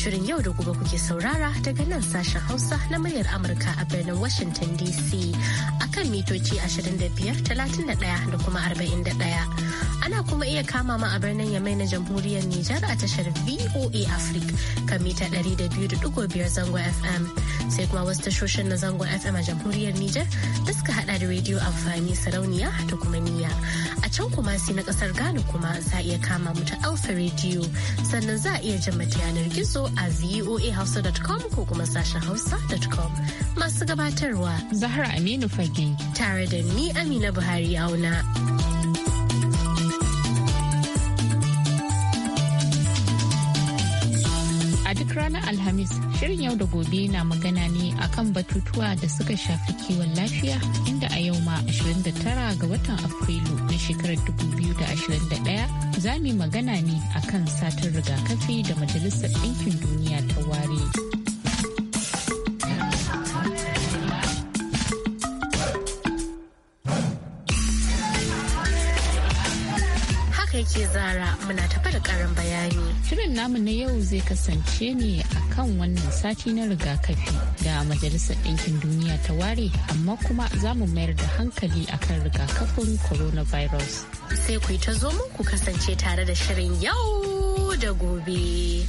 Shirin yau da gobe kuke saurara daga nan sashen Hausa na muryar Amurka a birnin Washington DC akan mitoci 25, 31 da kuma 41. ana kuma iya kama ma a birnin yamai na jamhuriyar Nijar a tashar VOA Africa kan mita 200.5 zango FM. sai kuma wasu tashoshin na zangon FM a jamhuriyar Nijar da suka hada da rediyo amfani sarauniya da kuma niya A can kuma sai na kasar Ghana kuma za a iya kama mu ta Alpha Radio sannan za a iya jin mata yanar gizo a voahausa.com ko kuma sashen hausa.com. Masu gabatarwa Zahra Aminu Fage tare da ni Amina Buhari auna. Alhamis shirin yau da gobe na magana ne akan batutuwa da suka shafi kiwon lafiya inda a yau ma 29 ga watan Afrilu na shekarar 2021 za mu magana ne akan satar rigakafi da Majalisar Ɗinkin Duniya ta ware. ce zara muna tafa da karin bayani. Shirin namu na yau zai kasance ne a kan wannan sati na rigakafi da Majalisar Ɗinkin Duniya ta ware amma kuma za mu mayar da hankali akan rigakafin coronavirus. Sai ku ta zo mu ku kasance tare da shirin yau da gobe.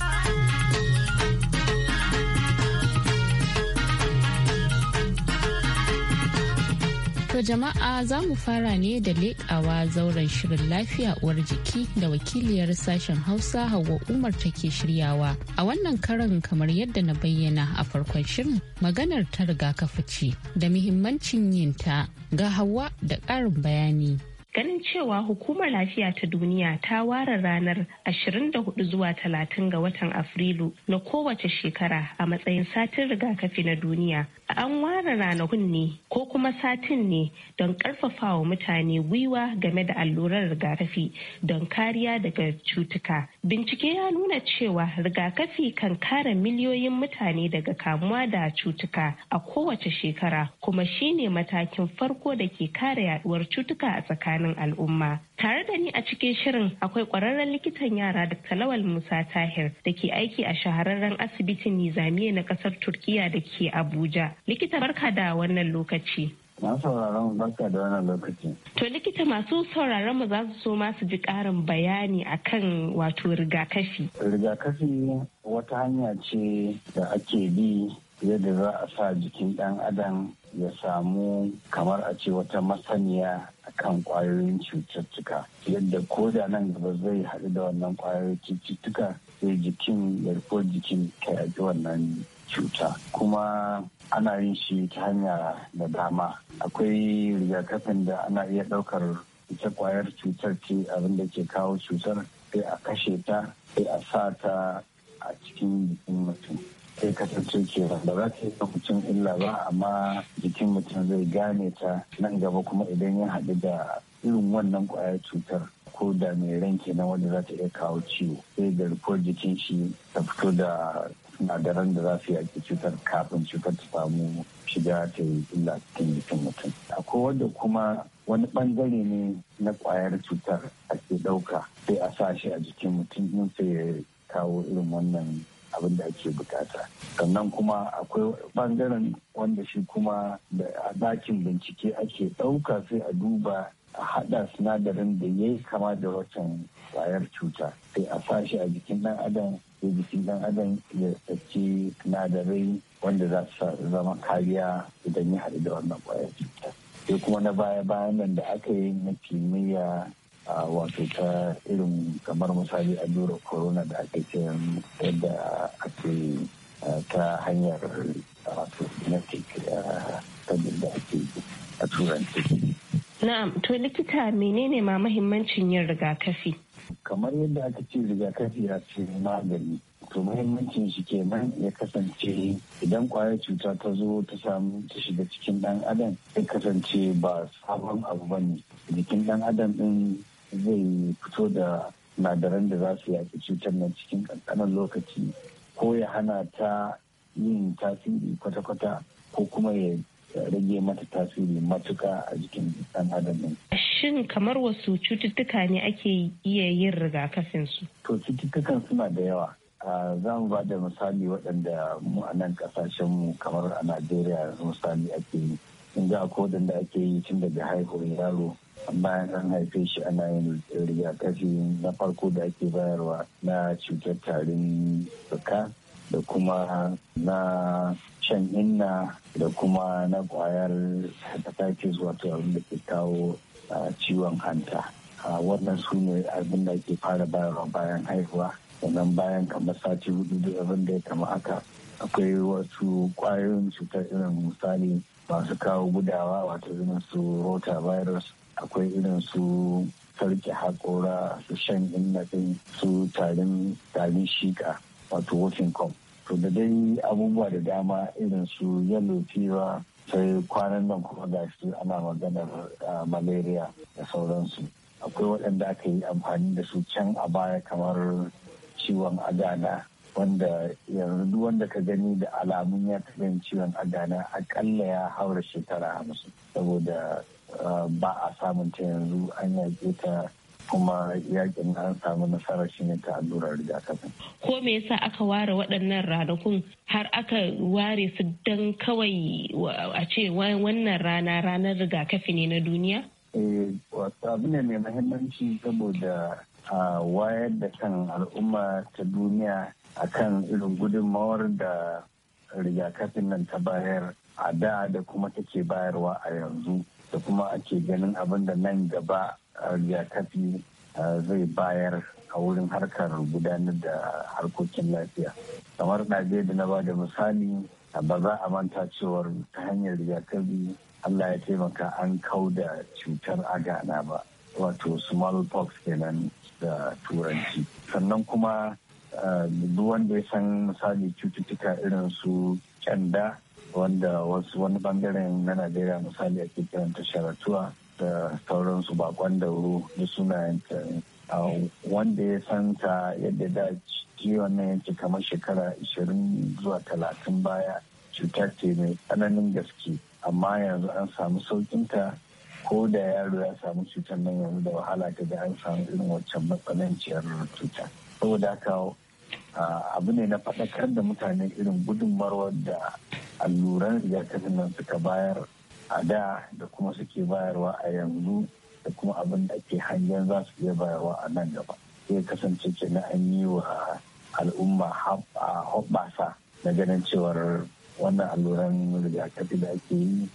jama'a za mu fara ne da leƙawa zauren shirin lafiya uwar jiki da wakiliyar sashen Hausa Hauwa Umar take shiryawa. A wannan karan kamar yadda na bayyana a farkon shirin maganar ta rigakafi ce da muhimmancin yinta ga hawa da ƙarin bayani. ganin cewa hukumar lafiya ta duniya ta ware ranar 24 zuwa 30 ga watan afrilu na kowace shekara a matsayin satin rigakafi na duniya an ware ranakun ne ko kuma satin ne don karfafa wa mutane gwiwa game da allurar rigakafi don kariya daga cutuka Bincike ya nuna cewa rigakafi kan kare miliyoyin mutane daga kamuwa da cutuka a kowace shekara kuma shine matakin farko da ke kare yaduwar cutuka a tsakanin al'umma. Tare da ni a cikin shirin akwai kwararren likitan yara da Talawal Musa Tahir da ke aiki a shahararren asibitin Nizamiya na kasar Turkiya da ke Abuja. Likita barka da wannan lokaci. Na sauraron barka da wannan lokaci. To likita masu sauraron mu za su so ma su ji ƙarin bayani akan wato rigakafi. Rigakafi wata hanya ce da ake bi yadda za a sa jikin ɗan adam ya samu kamar a ce wata masaniya akan kwayoyin cututtuka yadda ko da nan gaba zai haɗu da wannan kwayoyin cututtuka sai jikin garkuwar jikin ta yaƙi wannan cuta kuma ana yin shi ta hanya da dama akwai rigakafin da ana iya ɗaukar ita kwayar cutar ce abin da ke kawo cutar sai a kashe ta sai a sa ta a cikin jikin mutum sai kasance ke ba za ta yi mutum illa ba amma jikin mutum zai gane ta nan gaba kuma idan ya haɗu da irin wannan kwayar cutar ko da mai ranke na wanda za ta iya kawo ciwo sai da garkuwar jikin shi ta fito da sinadaran da za su yaƙi cutar kafin cutar ta samu shiga ta yi illa cikin jikin mutum akwai wanda kuma wani bangare ne na kwayar cutar ake ɗauka sai a sa shi a jikin mutum in sai ya kawo irin wannan abin da ake bukata sannan kuma akwai bangaren wanda shi kuma da a dakin bincike ake ɗauka sai a duba a haɗa sinadarin da ya yi kama da watan kwayar cuta sai a sa shi a jikin ɗan adam sai jikin dan adam ya tsaki sinadarai wanda za su zama kariya idan ya haɗu da wannan ƙwayar cuta kuma na baya bayan nan da aka yi na kimiyya wato ta irin kamar misali allurar corona da ake ce yadda ake ta hanyar wato genetic da ake a turanci. Na'am, to likita menene ma mahimmancin yin rigakafi? kamar yadda aka ce rigakafi ya ce magani to muhimmancin shi ke nan ya kasance idan kwayar cuta ta zo ta samu ta shiga cikin dan adam ya kasance ba sabon abu ba ne jikin dan adam din zai fito da nadaran da za su yaƙi cutar nan cikin ƙanƙanin lokaci ko ya hana ta yin tasiri kwata-kwata ko kuma ya rage mata tasiri matuka a jikin dan adam din shin kamar wasu cututtuka ne ake iya yin rigakafin su to cututtukan suna da yawa za mu ba da misali waɗanda mu a nan mu kamar a najeriya misali ake yi in ga ko da ake yi tun daga haihuwar yaro bayan an haife shi ana yin rigakafi na farko da ake bayarwa na cutar tarin fuka da kuma na shan inna da kuma na kwayar hepatitis wato abin da ke kawo ciwon hanta wannan su ne abin da ke fara bayarwa bayan haihuwa sannan bayan kamar sati hudu da abin da ya kama aka akwai wasu kwayoyin cutar irin misali masu kawo gudawa wato irin su rota virus akwai irin su sarki haƙora su shan innafin su tarin tarin shika wato wofin kom to da dai abubuwa da dama irin su yellow fever sai kwanan nan kuma gashi ana maganar ah, malaria da sauransu akwai waɗanda aka yi amfani da su can a baya kamar ciwon agana wanda yanzu wanda ka gani da alamun ya taɓa ciwon agana akalla ya haura shekara hamsin saboda ah, ba a samun ta yanzu an yaƙe ta kuma yakin an samu shi shine ta allurar rigakafin. Ko me yasa aka ware waɗannan ranakun har aka ware su don kawai a ce wannan rana ranar rigakafi ne na duniya? Eh, abu ne mai mahimmanci saboda a wayar da kan al'umma ta duniya akan irin gudunmawar da rigakafin nan ta bayar a da da kuma take bayarwa a yanzu da kuma ake ganin abin da nan gaba rigakafi zai bayar a wurin harkar gudanar da harkokin lafiya kamar ɗabe da na ba da misali ba za a manta cewar ta hanyar rigakafi allah ya taimaka an kau da cutar agana ba wato smallpox kenan da turanci sannan kuma duk wanda ya san misali cututtuka irin su kyanda wanda wasu wani bangaren na najeriya misali a kiranta sharatuwa da sauransu bakon dauro da sunayenta wanda ya santa yadda da ciwon na yake kamar shekara 20 zuwa 30 baya cutar ce mai tsananin gaske amma yanzu an samu saukinta ko da yaro ya samu cutar nan yanzu da wahala ta da an samu irin waccan matsananciyar cuta saboda haka abu ne na faɗakar da mutane irin gudunmawar da alluran rigakafin nan suka bayar a da da kuma suke bayarwa a yanzu da kuma abin da ke hangen za su iya bayarwa a nan gaba zai kasance na an yi wa al'umma hobasa na ganin cewar wannan alluran rigakafi da ake yi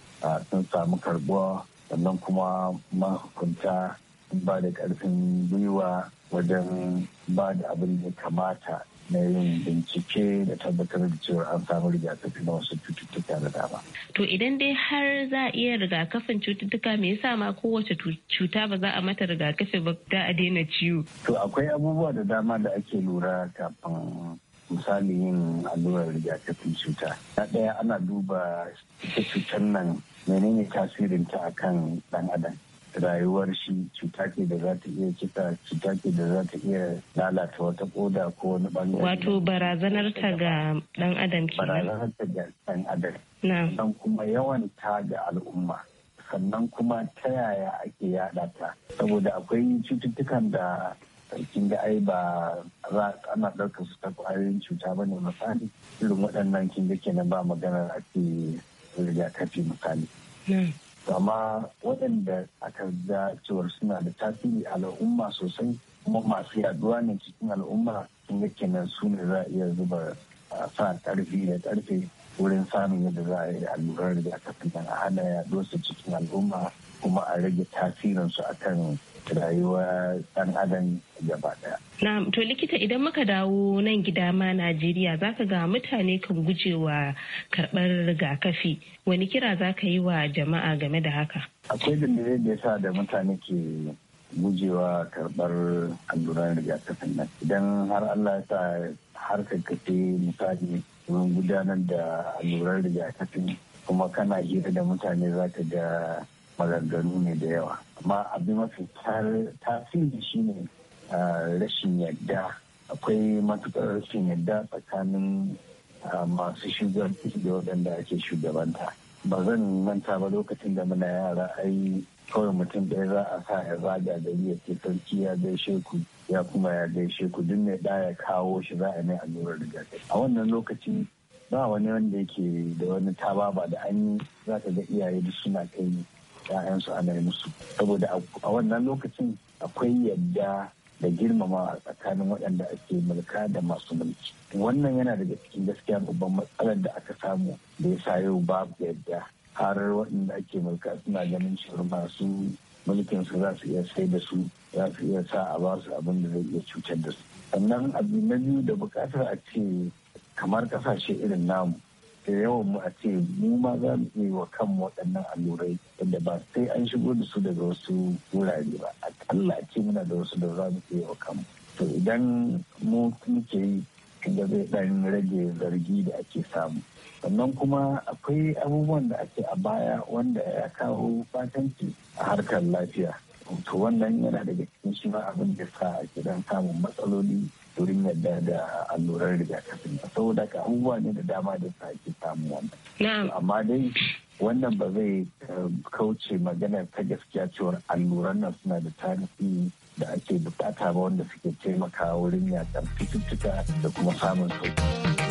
sun samu karbuwa sannan kuma mahukunta ba da ƙarfin gwiwa wajen ba da abin da kamata na yin bincike da tabbatar da cewa an samu rigakafi na wasu cututtuka da dama. To idan dai har za a iya rigakafin cututtuka me yasa ma kowace cuta ba za a mata rigakafi ba ta a daina ciwo? To akwai abubuwa da dama da ake lura kafin misali yin allurar rigakafin cuta. Na ɗaya ana duba ita cutar nan menene tasirinta akan ɗan adam. rayuwar shi cuta ce da za ta iya cuta ce da za ta iya lalata wata koda ko wani bangare wato barazanar ta ga dan adam ke barazanar ta ga dan adam sannan kuma yawan ta ga al'umma sannan kuma ta yaya ake yada ta saboda akwai cututtukan da kin ga ai ba za ana ɗaukar su ta ƙwayoyin cuta ba ne misali irin waɗannan kin ga kenan ba maganar ake rigakafi misali amma waɗanda aka ga cewar suna da tasiri al'umma sosai kuma masu yaduwa ne cikin al'umma sun ga kenan su ne za a iya zuba ah, sa ƙarfi da ƙarfe wurin samun yadda za a yi allurar da fi nan a hana yaduwarsu cikin al'umma kuma a rage tasirinsu akan rayuwar ɗan adam gaba ɗaya. Na to likita idan muka dawo nan gida ma Najeriya za ka ga mutane kan gujewa karɓar rigakafi wani kira za ka yi wa jama'a game da haka? Akwai dalilin da yasa da mutane ke gujewa karɓar alluran rigakafin nan idan har Allah ya sa har kakkace misali wurin gudanar da alluran rigakafin kuma kana hira da mutane za ka ga maganganu ne da yawa amma abin mafi tasiri shine ah, rashin yadda akwai matukar rashin yadda tsakanin ah, masu shugabanci da waɗanda ake shugabanta ba zan manta ba lokacin da muna yara ai kawai mutum ɗaya za a sa ya zaga da ya ke sarki ya gaishe ku ya kuma ya gaishe ku duk mai ɗaya ya kawo shi za a mai allurar rigakafi a wannan lokaci ba wani wanda yake da wani tababa da an yi za ka ga iyaye duk suna kai 'ya'yansu ana musu saboda a wannan lokacin akwai yadda da girmama a tsakanin waɗanda ake mulka da masu mulki wannan yana daga cikin gaskiya babban matsalar da aka samu da ya sa yau babu yadda har waɗanda ake mulka suna ganin cewa masu mulkin su za su iya sai da su za su iya sa a ba su abin da zai iya cutar da su sannan abu na biyu da buƙatar a ce kamar ƙasashe irin namu da yawan mu a ce mu ma za mu iya wa kan waɗannan allurai yadda ba sai an shigo da su daga wasu wurare ba akalla a ce muna da wasu da za mu iya wa kanmu to idan mu muke yi da zai ɗan rage zargi da ake samu sannan kuma akwai abubuwan da ake a baya wanda ya kawo fatanci a harkar lafiya to wannan yana daga cikin shi ma abin da sa a gidan samun matsaloli wurin yadda da allurar rigakafin saboda ka abubuwa ne da dama da ake samu wannan amma dai wannan ba zai eh, kauce magana ta gaskiya cewar alluran nan suna da tarihi da ake bukata ba wanda suke taimaka wurin yatsar cututtuka da kuma samun sauki.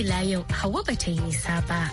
ila yau hawa ba ta yi nisa ba.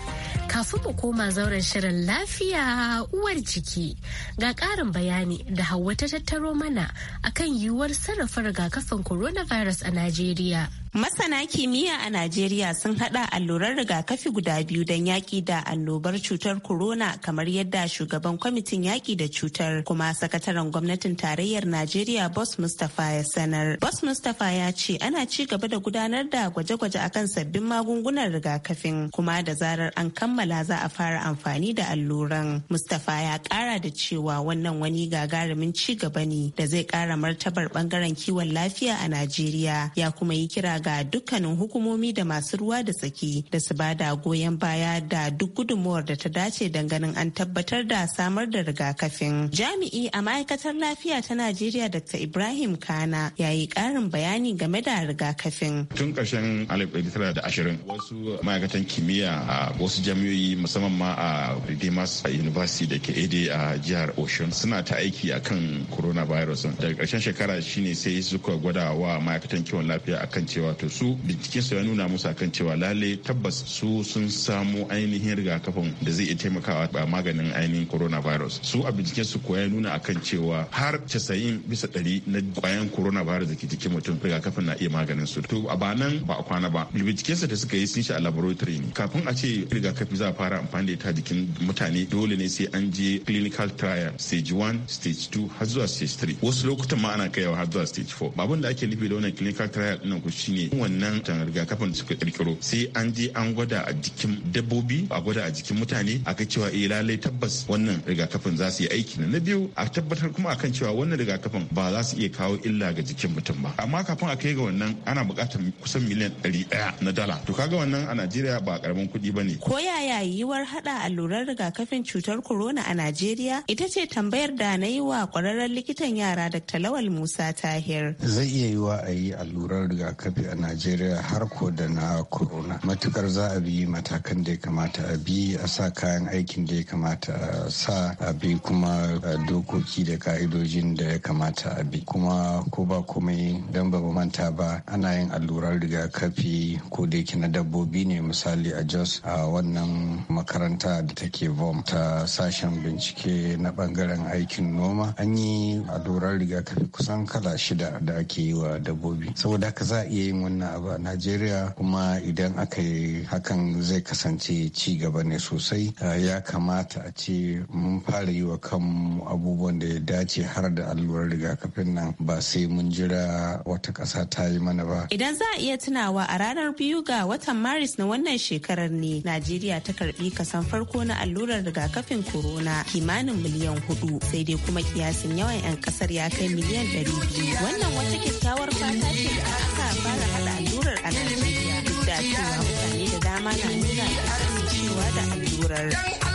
Kafin mu koma zauren shirin lafiya uwar jiki ga ƙarin bayani da hawa ta tattaro mana akan yiwuwar sarrafa rigakafin coronavirus a Najeriya. Masana kimiyya a Najeriya sun haɗa allurar rigakafi guda biyu don yaƙi da annobar cutar corona kamar yadda shugaban kwamitin yaƙi da cutar kuma sakataren gwamnatin tarayyar Najeriya Bos Mustapha ya sanar. Bos Mustapha ya ce ana ci gaba da gudanar da gwaje-gwaje akan sabbin magungunan rigakafin kuma da zarar an kammala za a fara amfani da alluran. Mustapha ya kara da cewa wannan wani gagarumin ci gaba ne da zai kara martabar bangaren kiwon lafiya a Najeriya ya kuma yi kira ga dukkanin hukumomi da masu ruwa da tsaki da su bada goyon baya da duk gudunmuwar da ta dace danganin an tabbatar da samar da rigakafin. Jami'i a ma'aikatar lafiya ta Najeriya Dr. Ibrahim Kana ya yi ƙarin bayani game da rigakafin. Tun ƙarshen ashirin wasu ma'aikatan kimiyya a wasu jami'oyi musamman ma a Redeemers University da ke Ede a jihar Osun suna ta aiki a akan coronavirus. Daga karshen shekara shine sai suka gwada wa ma'aikatan kiwon lafiya akan cewa wato su bincike su ya nuna musu akan cewa lalle tabbas su sun samu ainihin rigakafin da zai iya taimakawa ba maganin ainihin coronavirus su a bincike su ko ya nuna akan cewa har 90 bisa 100 na kwayan coronavirus da ke jikin mutum rigakafin na iya maganin su to a ba nan ba a kwana ba bincike su da suka yi sun shi a laboratory ne kafin a ce rigakafi za a fara amfani da ita jikin mutane dole ne sai an je clinical trial stage 1 stage 2 har zuwa stage 3 wasu lokutan ma ana kaiwa har zuwa stage 4 babun da ake nufi da wannan clinical trial ɗin ku shine ne wannan rigakafin suka kirkiro sai an je an gwada a jikin dabbobi a gwada a jikin mutane a kai cewa eh lalai tabbas wannan rigakafin za su yi aiki na biyu a tabbatar kuma akan cewa wannan rigakafin ba za su iya kawo illa ga jikin mutum ba amma kafin a kai ga wannan ana buƙatar kusan miliyan ɗari ɗaya na dala to kaga wannan a najeriya ba karamin kuɗi ba ne ko yaya yiwuwar haɗa allurar rigakafin cutar corona a najeriya ita ce tambayar da na yi wa ƙwararren likitan yara dr lawal musa tahir zai iya yiwuwa a yi allurar rigakafi a najeriya har ko da na corona matukar za a bi matakan da ya kamata a bi a sa kayan aikin da ya kamata a sa a bi kuma dokoki da ka'idojin da ya kamata a bi kuma ko ba komai don ba manta ba ana yin allurar rigakafi ko da yake na dabbobi ne misali a jos a wannan makaranta da take bom ta sashen bincike na bangaren aikin noma an yi allurar rigakafi kusan kala shida da ake yi wa dabbobi saboda haka za a iya yin yin wannan abu a najeriya kuma idan aka yi hakan zai kasance ci gaba ne sosai ya kamata a ce mun fara yi wa kanmu abubuwan da ya dace har da allurar rigakafin nan ba sai mun jira wata ƙasa ta yi mana ba idan za a iya tunawa a ranar biyu ga watan maris na wannan shekarar ne najeriya ta karbi kasan farko na allurar rigakafin corona kimanin miliyan hudu sai dai kuma kiyasin yawan 'yan kasar ya kai miliyan biyu. wannan wata kyakkyawar fata ce da a fara hada allurar a Najeriya duk da cewa mutane da dama na nuna da cewa da allurar.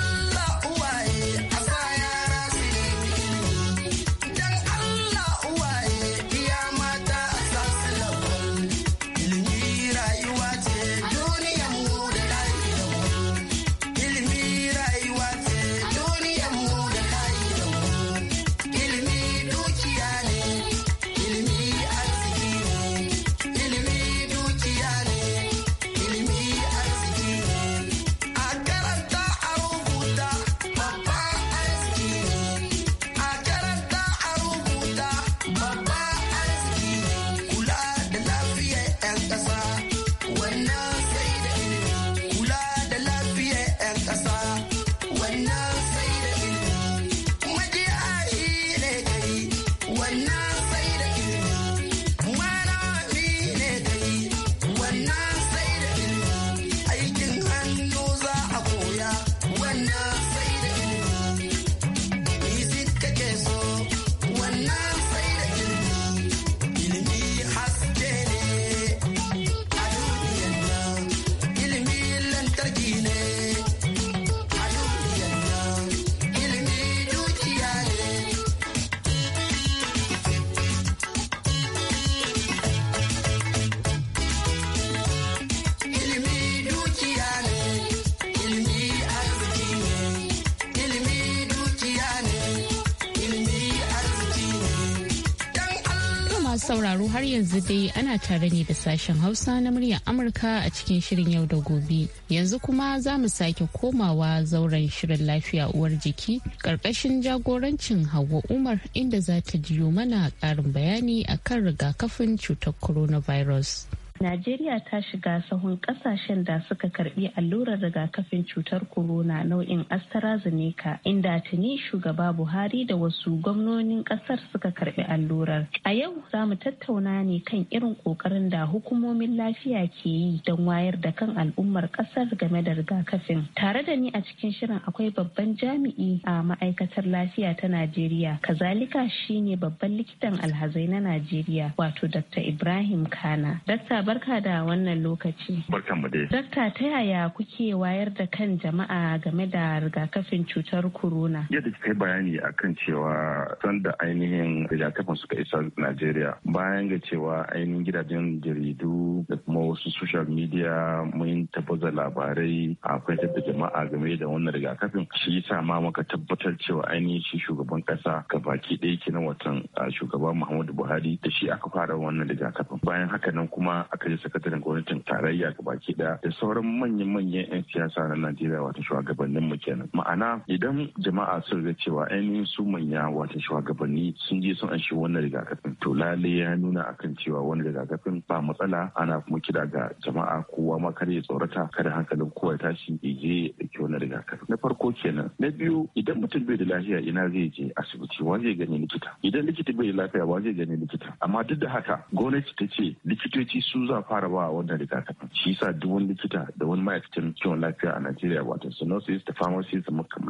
sauraro har yanzu dai ana tare ne da sashen Hausa na muryar Amurka a cikin shirin yau da gobe. Yanzu kuma za mu sake komawa zauren shirin lafiya uwar jiki ƙarƙashin jagorancin Hauwa Umar inda za ta jiyo mana ƙarin bayani a kan rigakafin cutar coronavirus. Najeriya ta shiga sahun kasashen da suka karbi allurar rigakafin cutar corona nau'in AstraZeneca inda tuni shugaba Buhari da wasu gwamnonin kasar suka karbi allurar. A yau za mu tattauna ne kan irin kokarin da hukumomin lafiya ke yi don wayar da kan al'ummar kasar game da rigakafin. Tare da ni a cikin shirin akwai babban jami'i a ma'aikatar lafiya ta Najeriya, kazalika shine babban likitan alhazai na Najeriya wato Dr. Ibrahim Kana. Dr. barka da wannan lokaci. Barkan mu dai. Dokta ta yaya kuke wayar da kan jama'a game da rigakafin cutar corona? Yadda kika yi bayani akan cewa sanda ainihin rigakafin suka isa Najeriya bayan ga cewa ainihin gidajen jaridu da kuma wasu social media mun tabbata labarai a da jama'a game da wannan rigakafin shi yasa ma muka tabbatar cewa ainihin shi shugaban kasa baki ɗaya kenan watan shugaba Muhammadu Buhari da shi aka fara wannan rigakafin bayan haka nan kuma aka ji sakataren gwamnatin tarayya baki daya da sauran manyan-manyan 'yan siyasa na najeriya wato shugabannin mu kenan ma'ana idan jama'a sun ga cewa ainihin su manya wato shugabanni sun je sun anshi wannan rigakafin to lale ya nuna akan cewa wani rigakafin ba matsala ana kuma kira ga jama'a kowa ma kare tsorata kada hankalin kowa ya tashi ya je ya wannan rigakafi na farko kenan na biyu idan mutum bai da lafiya ina zai je asibiti wa zai gani likita idan likita bai da lafiya wa zai gani likita amma duk da haka gwamnati ta ce likitoci su za a fara ba wannan rigakafin shi yasa duk wani likita da wani ma'aikatan kiwon lafiya a Najeriya wato su da pharmacists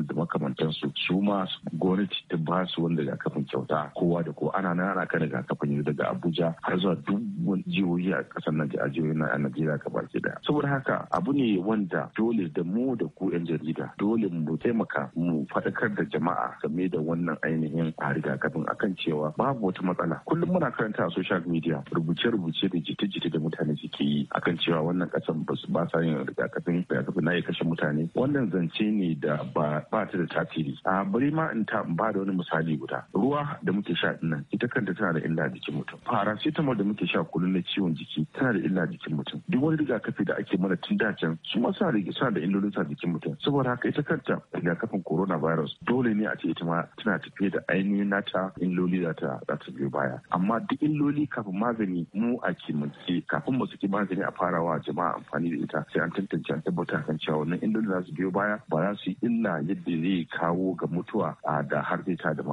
da makamantansu su ma gwamnati ta ba su wani rigakafin kyauta kowa da kowa ana nan ana kan rigakafin yanzu daga Abuja har zuwa duk wani jihohi a kasar nan a jihohi na Najeriya gaba baki daya saboda haka abu ne wanda dole da mu da ku yan jarida dole mu taimaka mu faɗakar da jama'a game da wannan ainihin a rigakafin akan cewa babu wata matsala kullum muna karanta a social media rubuce-rubuce da jita-jita da mutane suke yi akan cewa wannan kasan ba sa yin rigakafin rigakafi na ya kashe mutane wannan zance ne da ba ta da tasiri a bari ma in ta ba da wani misali guda ruwa da muke sha dinnan ita kanta tana da illa jikin mutum paracetamol da muke sha kullum na ciwon jiki tana da illa jikin mutum duk wani rigakafi da ake mana tun dacen su ma suna da illolin sa jikin mutum saboda haka ita kanta rigakafin coronavirus dole ne a ce ita ma tana tafiye da ainihin nata illoli za ta biyo baya amma duk illoli kafin magani mu a kimanci kafin mu saki magani a farawa jama'a amfani da ita sai an tantance an tabbata kan cewa wannan illolin za su biyo baya ba za su yi illa yadda zai kawo ga mutuwa a da har zai ta da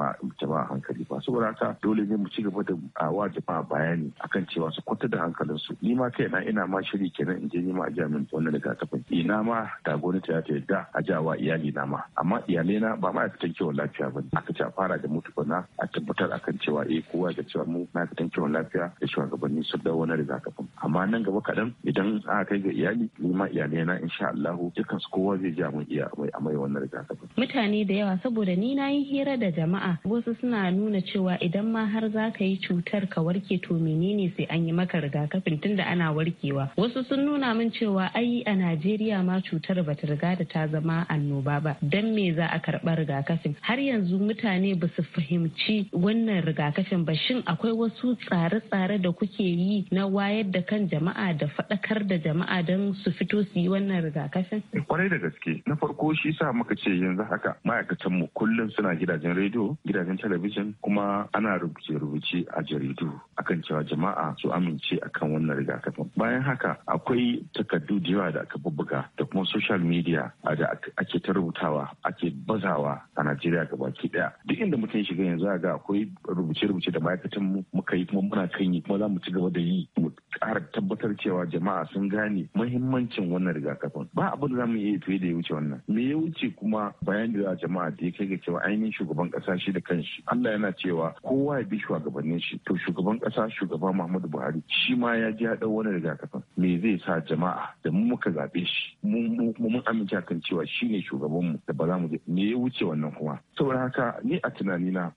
jama'a hankali ba saboda haka dole ne mu ci gaba da wa jama'a bayani akan cewa su kwanta da hankalinsu ni ma na ina ma shiri kenan in je ni ma a jami wannan rigakafin ina ma da gwamnati ta yarda a wa iyali na ma amma iyalai na ba fitan kiwon lafiya ba ne aka ce a fara da mutuwa na a tabbatar akan cewa eh kowa da cewa mu fitan kiwon lafiya da shugabanni su dawo na rigakafin amma nan gaba kaɗan idan aka kai ga iyali ma iyalai na insha Allah dukkan su kowa zai ji mun iya mai amai wannan rigakafin mutane da yawa saboda ni na yi hira da jama'a wasu suna nuna cewa idan ma har za ka yi cutar ka warke to menene sai an yi maka rigakafin tunda ana warkewa wasu sun nuna min cewa ai a Najeriya ma cutar bata riga da ta zama annoba ba dan me za a karɓa rigakafin har yanzu mutane ba su fahimci wannan rigakafin ba shin akwai wasu tsare-tsare da kuke yi na wayar da da kan jama'a da faɗakar da jama'a don su fito su yi wannan rigakafin? Eh, kwarai da gaske. Na farko shi sa muka ce yanzu haka ma'aikatan mu kullum suna gidajen rediyo, gidajen talabijin kuma ana rubuce-rubuce a jaridu akan cewa jama'a su amince akan wannan rigakafin. Bayan haka akwai takardu da yawa da aka bubbuga da kuma social media da ake ta rubutawa ake bazawa a Najeriya gabaki daya. Duk inda mutum shiga yanzu ga akwai rubuce-rubuce da ma'aikatan mu muka yi kuma muna kan yi kuma za mu ci gaba da yi ƙara tabbatar cewa jama'a sun gane muhimmancin wannan rigakafin ba abin da za mu iya fiye da ya wuce wannan me ya wuce kuma bayan da jama'a da ya kai ga cewa ainihin shugaban ƙasa shi da kanshi Allah yana cewa kowa ya bi shugabannin shi to shugaban kasa shugaba Muhammadu Buhari shi ma ya ji haɗa wannan rigakafin me zai sa jama'a da mu muka zaɓe shi mun mun amince kan cewa shi ne shugabanmu da ba za mu je me ya wuce wannan kuma saboda haka ni a tunanina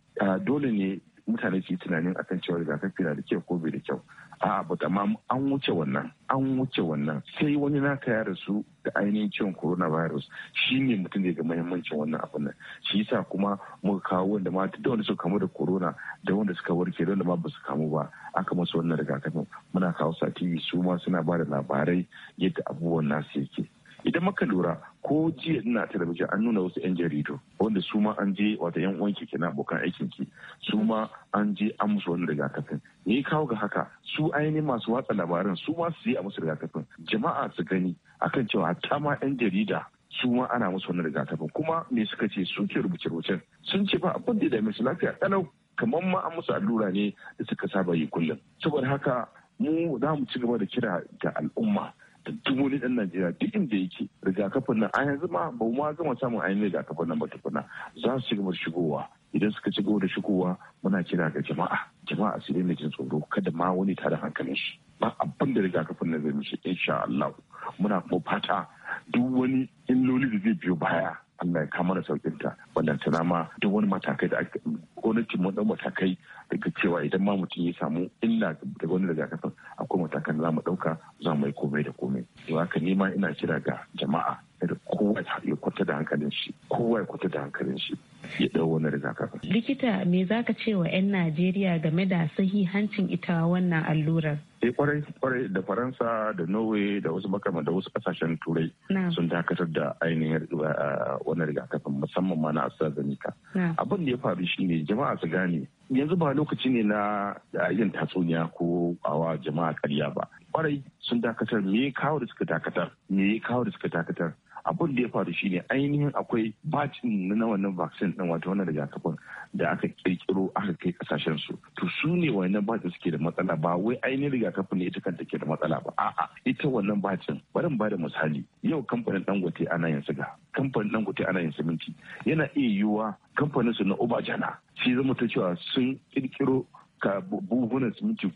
dole ne mutane ke tunanin akan cewa rigakafi na da kyau ko bai da kyau a ba amma an wuce wannan an wuce wannan sai wani naka ya rasu da ainihin ciwon coronavirus shi ne mutum da ga mahimmancin wannan abu nan shi yasa kuma muka kawo wanda ma duk wanda suka kamu da corona da wanda suka warke da wanda ma basu kamu ba aka masu wannan rigakafin muna kawo sa tv su ma suna ba da labarai yadda abubuwan nasu yake idan maka lura ko jiya ina talabijin an nuna wasu 'yan jaridu wanda su ma an je wata 'yan uwanki kenan abokan aikin ki su ma an je an musu wani rigakafin ne kawo ga haka su aini masu watsa labaran su ma su yi a musu rigakafin jama'a su gani akan cewa hatta ma 'yan jarida su ma ana musu wani rigakafin kuma me suka ce suke rubuce-rubucen sun ce ba abin da ya dame su lafiya kalau kamar ma an musu allura ne da suka saba yi kullum saboda haka mu za mu ci gaba da kira ga al'umma da duk wani ɗan Najeriya duk inda yake rigakafin nan a yanzu ma ba ma gama samun ainihin rigakafin nan ba tukuna za su ci gaba da shigowa idan suka ci gaba da shigowa muna kira ga jama'a jama'a su daina jin tsoro kada ma wani tare hankalin shi ba abin da rigakafin nan zai mishi insha Allah muna kuma fata duk wani illoli da zai biyo baya Allah ya kama da saukin ta wannan tana ma duk wani matakai da aka gwamnati mun dau matakai daga cewa idan ma mutum ya samu illa da wani rigakafin akwai matakan za mu ɗauka za mu yi komai da komai don haka ni ma ina kira ga jama'a da kowa ya kwata da hankalin shi kowa ya kwata da hankalin shi ya ɗau wani rigakafin likita me zaka ce wa 'yan Najeriya game da sahihancin ita wannan allurar sai eh, kwarai kwarai da faransa da norway da wasu makama da wasu kasashen turai sun dakatar da ainihin ah, wani rigakafin musamman ma na astrazeneca abin da ya faru shine jama'a su gane yanzu ba lokaci ne na ah, yin tatsuniya ko awa jama'a karya ba kwarai sun dakatar me kawo da suka dakatar me kawo da suka dakatar abin da ya faru shine ainihin akwai batin na wannan vaccine din wato wannan rigakafin da aka kirkiro aka kai kasashen su to su ne wannan batin suke da matsala ba wai ainihin rigakafin ne ita kanta ke da matsala ba a'a ita wannan batin bari mu bada misali yau kamfanin dangote ana yin siga kamfanin dangote ana yin siminti yana iya yiwuwa kamfanin su na obajana shi zama ta cewa sun kirkiro ka buhunan siminti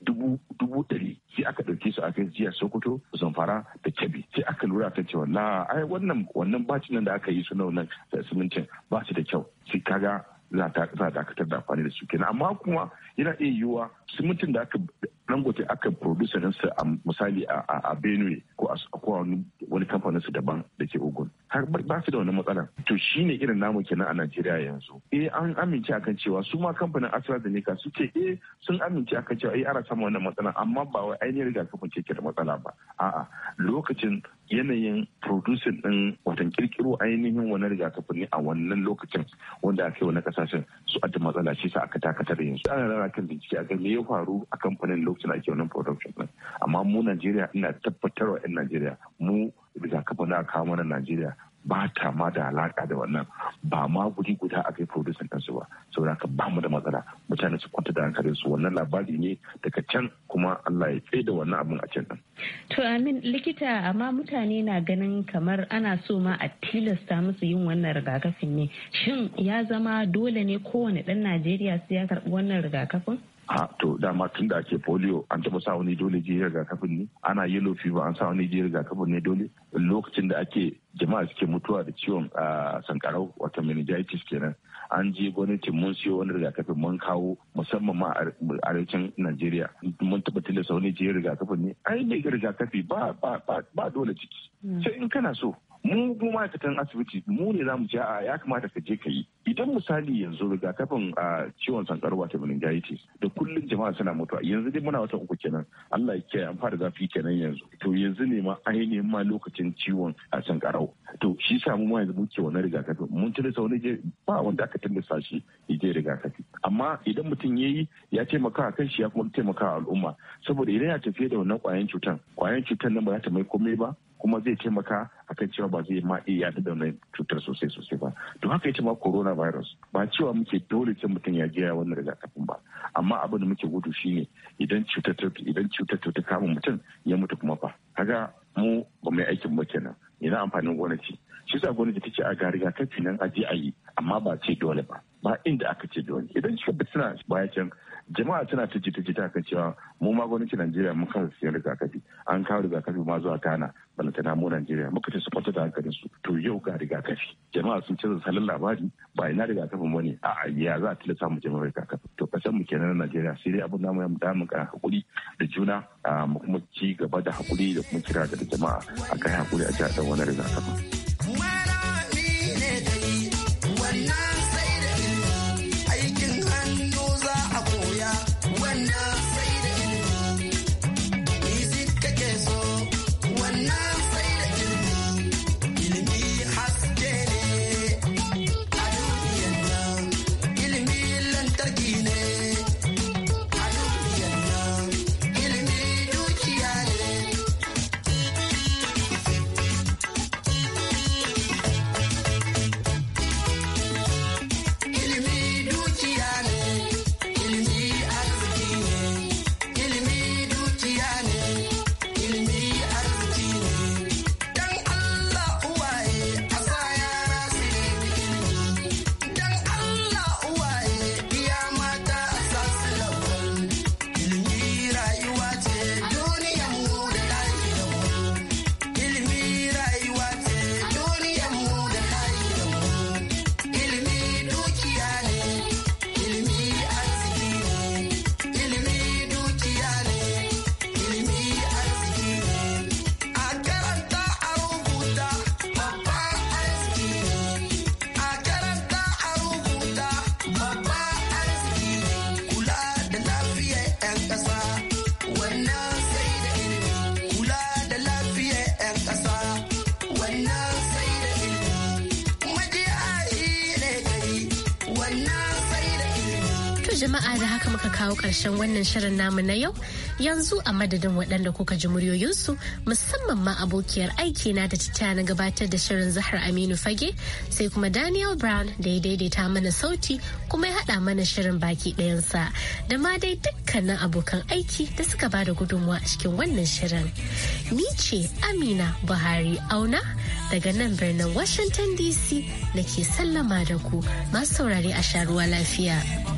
dubu ɗari sai aka ɗauke su a kai jiya sokoto zamfara da kebbi sai aka lura ta cewa la ai wannan wannan bacin nan da aka yi su na wannan simintin ba su da kyau sai kaga za ta dakatar da amfani da su kenan amma kuma yana iya yiwuwa simintin da aka dangote aka producer ɗinsa a misali a benue ko a wani kamfanin su daban da ke ogun har ba su da wani matsala. to shine irin namu kenan a Najeriya yanzu eh an amince akan cewa su ma kamfanin AstraZeneca suke eh sun amince akan cewa eh ana samun wannan matsala. amma ba wai ainihin rigakafin ce ke da matsala ba a'a lokacin yanayin producing din watan kirkiro ainihin wani rigakafin ne a wannan lokacin wanda aka yi wani kasashen su adda matsala shi sa aka dakatar yanzu ana rana kan bincike a me ya faru a kamfanin lokacin ake wannan production din amma mu Najeriya ina tabbatarwa 'yan Najeriya mu rigakafin da aka kawo mana Najeriya ba ta ma da alaka da wannan ba ma guri guda a kai ɗin su ba saboda ka ba mu da matsala mutane su kwanta da hankalin su wannan labari ne daga can kuma Allah ya tsaye da wannan abin a can din. To amin likita amma mutane na ganin kamar ana so ma a tilasta musu yin wannan rigakafin ne shin ya zama dole ne kowane ɗan Najeriya sai ya karɓi wannan rigakafin? a to dama tun da ake polio an taba sa wani dole ga rigakafin ne ana yellow fever an sa wani ga rigakafin ne dole lokacin da ake jama'a suke mutuwa da ciwon sankarau wata meningitis kenan an je gwamnatin mun siyo wani rigakafin mun kawo musamman ma a arewacin Najeriya mun taba tilasta wani je rigakafin ne ai mai rigakafi ba ba ba dole ciki hmm. sai in kana so mu mu ma'aikatan asibiti mu ne za mu ce a ya kamata ka je ka yi idan misali yanzu rigakafin a ciwon sankarwa ta meningitis da kullum jama'a suna mutuwa yanzu dai muna wata uku kenan Allah ya kiyaye an fara zafi kenan yanzu to yanzu ne ma ainihin ma lokacin ciwon a sankarau to shi sa mu yanzu muke wannan rigakafi mun tuna sau je ba wanda aka tilasta shi ya je rigakafi amma idan mutum ya yi ya taimaka a shi ya kuma taimaka a al'umma saboda idan ya tafiye da wannan kwayan cutan kwayan cutan nan ba za ta mai komai ba kuma zai taimaka a kan cewa ba zai ma iya da wannan cutar sosai sosai ba to haka ya ce ma virus ba cewa muke dole ce mutum ya je wannan rigakafin ba amma abin da muke gudu shine idan cutar idan cutar ta kama mutum ya mutu kuma fa kaga mu ba mai aikin ba kenan ina amfanin gwamnati shi sa gwamnati ta ce a ga rigakafi nan a je a yi amma ba ce dole ba ba inda aka ce dole idan shi ba tana baya can jama'a tana ta jita jita kan cewa mu ma gwamnatin Najeriya mun kasa siyan rigakafi an kawo rigakafi ma zuwa Ghana ta mu Najeriya muka ce su kwanta da hankalin su to yau ga rigakafi jama'a sun canza salon labari ba ina rigakafin ne a ya za a tilasta mu jama'a rigakafi to kasan mu kenan Najeriya sai dai abin da mu da mu hakuri da juna mu kuma ci gaba da hakuri da kuma kira da jama'a a kai hakuri a jihar wani rigakafi. kawo ƙarshen wannan shirin namu na yau yanzu a madadin waɗanda kuka ji muryoyinsu musamman ma abokiyar aiki na da ta na gabatar da shirin Zahar Aminu Fage sai kuma Daniel Brown da ya daidaita mana sauti kuma ya haɗa mana shirin baki ɗayansa da ma dai dukkanin abokan aiki da suka ba da gudunmawa a cikin wannan shirin. Ni ce Amina Buhari Auna daga nan birnin Washington DC da ke sallama da ku masu saurare a sharuwa lafiya.